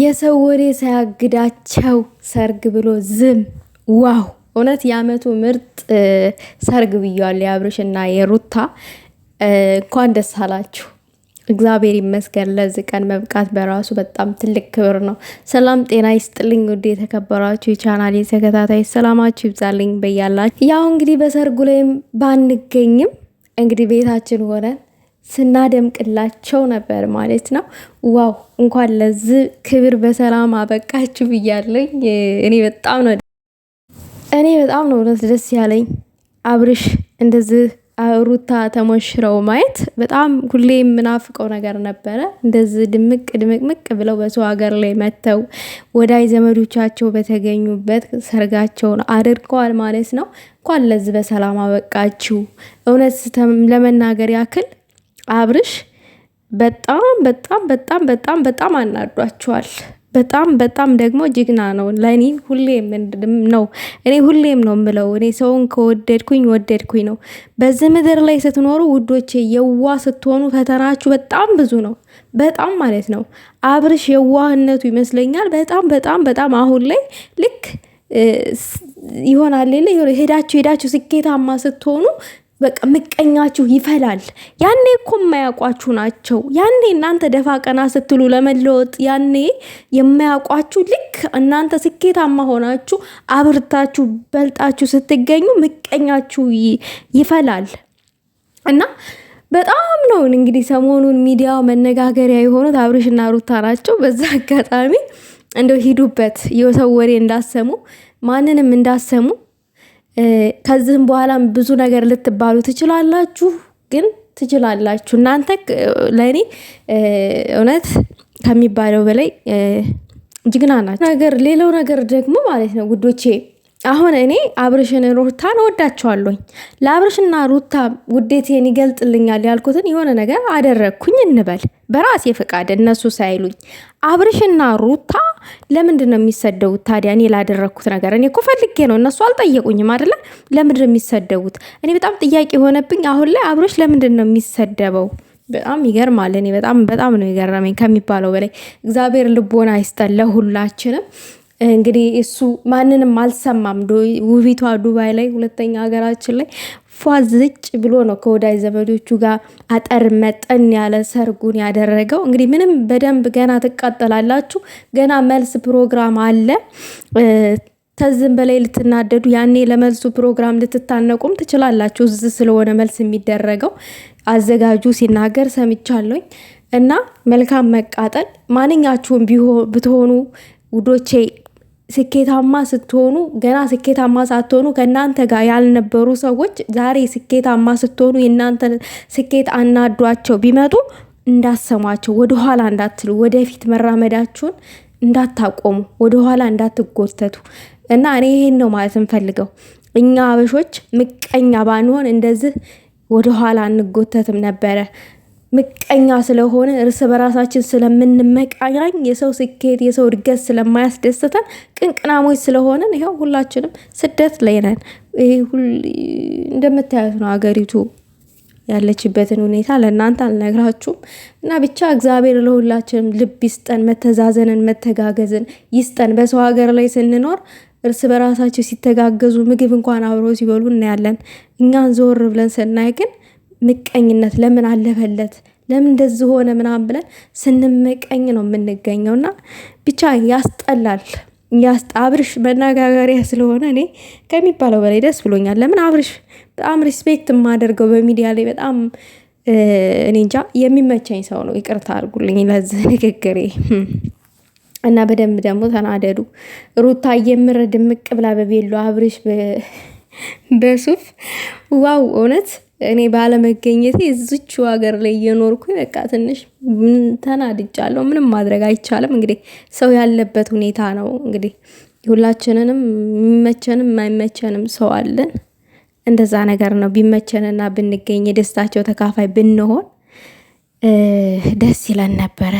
የሰው ወሬ ሳያግዳቸው ሰርግ ብሎ ዝም ዋው! እውነት የአመቱ ምርጥ ሰርግ የአብርሽ የአብርሽና የሩታ እንኳን ደስ አላችሁ። እግዚአብሔር ይመስገን። ለዚህ ቀን መብቃት በራሱ በጣም ትልቅ ክብር ነው። ሰላም ጤና ይስጥልኝ ውድ የተከበራችሁ የቻናል ተከታታይ ሰላማችሁ ይብዛልኝ በያላችሁ። ያው እንግዲህ በሰርጉ ላይም ባንገኝም እንግዲህ ቤታችን ሆነን ስናደምቅላቸው ነበር ማለት ነው። ዋው እንኳን ለዚህ ክብር በሰላም አበቃችሁ ብያለኝ። እኔ በጣም ነው እኔ በጣም ነው እውነት ደስ ያለኝ አብርሽ እንደዚህ ሩታ ተሞሽረው ማየት በጣም ሁሌ የምናፍቀው ነገር ነበረ። እንደዚህ ድምቅ ድምቅምቅ ብለው በሰው ሀገር ላይ መጥተው ወዳይ ዘመዶቻቸው በተገኙበት ሰርጋቸውን አድርገዋል ማለት ነው። እንኳን ለዚህ በሰላም አበቃችሁ። እውነት ለመናገር ያክል አብርሽ በጣም በጣም በጣም በጣም በጣም አናዷቸዋል። በጣም በጣም ደግሞ ጀግና ነው። ለእኔ ሁሌም ነው እኔ ሁሌም ነው የምለው እኔ ሰውን ከወደድኩኝ ወደድኩኝ ነው። በዚህ ምድር ላይ ስትኖሩ ውዶቼ፣ የዋ ስትሆኑ ፈተናችሁ በጣም ብዙ ነው። በጣም ማለት ነው። አብርሽ የዋህነቱ ይመስለኛል በጣም በጣም በጣም አሁን ላይ ልክ ይሆናል ሌለ ሄዳችሁ ሄዳችሁ ስኬታማ ስትሆኑ በቃ ምቀኛችሁ ይፈላል። ያኔ እኮ የማያውቋችሁ ናቸው። ያኔ እናንተ ደፋ ቀና ስትሉ ለመለወጥ ያኔ የማያውቋችሁ ልክ እናንተ ስኬታማ ሆናችሁ አብርታችሁ በልጣችሁ ስትገኙ ምቀኛችሁ ይፈላል እና በጣም ነው እንግዲህ ሰሞኑን ሚዲያ መነጋገሪያ የሆኑት አብርሽና ሩታ ናቸው። በዛ አጋጣሚ እንደው ሂዱበት የሰው ወሬ እንዳሰሙ ማንንም እንዳሰሙ ከዚህም በኋላም ብዙ ነገር ልትባሉ ትችላላችሁ፣ ግን ትችላላችሁ። እናንተ ለእኔ እውነት ከሚባለው በላይ ጅግና ናቸው ነገር ሌላው ነገር ደግሞ ማለት ነው ውዶቼ አሁን እኔ አብርሽን ሩታን ወዳቸዋለኝ ለአብርሽና ሩታ ውዴቴን ይገልጥልኛል ያልኩትን የሆነ ነገር አደረግኩኝ እንበል በራሴ ፈቃድ እነሱ ሳይሉኝ አብርሽና ሩታ ለምንድን ነው የሚሰደቡት ታዲያ? እኔ ላደረግኩት ነገር እኔ እኮ ፈልጌ ነው፣ እነሱ አልጠየቁኝም አደለ? ለምንድን ነው የሚሰደቡት? እኔ በጣም ጥያቄ የሆነብኝ አሁን ላይ አብሮች ለምንድን ነው የሚሰደበው? በጣም ይገርማል። እኔ በጣም በጣም ነው የገረመኝ ከሚባለው በላይ። እግዚአብሔር ልቦና ይስጠን ለሁላችንም። እንግዲህ እሱ ማንንም አልሰማም። ውቢቷ ዱባይ ላይ ሁለተኛ ሀገራችን ላይ ፏዝጭ ብሎ ነው ከወዳጅ ዘመዶቹ ጋር አጠር መጠን ያለ ሰርጉን ያደረገው። እንግዲህ ምንም በደንብ ገና ትቃጠላላችሁ። ገና መልስ ፕሮግራም አለ። ከዚህም በላይ ልትናደዱ ያኔ ለመልሱ ፕሮግራም ልትታነቁም ትችላላችሁ። እዚህ ስለሆነ መልስ የሚደረገው አዘጋጁ ሲናገር ሰምቻለኝ እና መልካም መቃጠል ማንኛችሁም ብትሆኑ ውዶቼ ስኬታማ ስትሆኑ ገና ስኬታማ ሳትሆኑ ከእናንተ ጋር ያልነበሩ ሰዎች ዛሬ ስኬታማ ስትሆኑ የእናንተ ስኬት አናዷቸው ቢመጡ እንዳሰሟቸው ወደኋላ እንዳትሉ ወደፊት መራመዳችሁን እንዳታቆሙ ወደኋላ እንዳትጎተቱ እና እኔ ይሄን ነው ማለት እንፈልገው። እኛ አበሾች ምቀኛ ባንሆን እንደዚህ ወደኋላ አንጎተትም ነበረ። ምቀኛ ስለሆነ እርስ በራሳችን ስለምንመቃኛኝ የሰው ስኬት የሰው እድገት ስለማያስደስተን ቅንቅናሞች ስለሆነን ይኸው ሁላችንም ስደት ላይ ነን። እንደምታዩት ነው አገሪቱ ያለችበትን ሁኔታ ለእናንተ አልነግራችሁም። እና ብቻ እግዚአብሔር ለሁላችንም ልብ ይስጠን፣ መተዛዘንን መተጋገዝን ይስጠን። በሰው ሀገር ላይ ስንኖር እርስ በራሳቸው ሲተጋገዙ ምግብ እንኳን አብሮ ሲበሉ እናያለን። እኛን ዞር ብለን ስናይ ግን ምቀኝነት ለምን አለፈለት ለምን እንደዚህ ሆነ ምናምን ብለን ስንመቀኝ ነው የምንገኘው እና ብቻ ያስጠላል። አብርሽ መነጋገሪያ ስለሆነ እኔ ከሚባለው በላይ ደስ ብሎኛል። ለምን አብርሽ በጣም ሪስፔክት የማደርገው በሚዲያ ላይ በጣም እኔ እንጃ የሚመቸኝ ሰው ነው። ይቅርታ አድርጉልኝ ለዚህ ንግግሬ እና በደንብ ደግሞ ተናደዱ። ሩታ የምር ድምቅ ብላ በቤሎ አብርሽ በሱፍ ዋው እውነት እኔ ባለመገኘቴ እዝቹ ሀገር ላይ እየኖርኩ በቃ ትንሽ ተናድጃለሁ። ምንም ማድረግ አይቻልም። እንግዲህ ሰው ያለበት ሁኔታ ነው። እንግዲህ ሁላችንንም የሚመቸንም የማይመቸንም ሰው አለን። እንደዛ ነገር ነው። ቢመቸንና ብንገኝ የደስታቸው ተካፋይ ብንሆን ደስ ይለን ነበረ።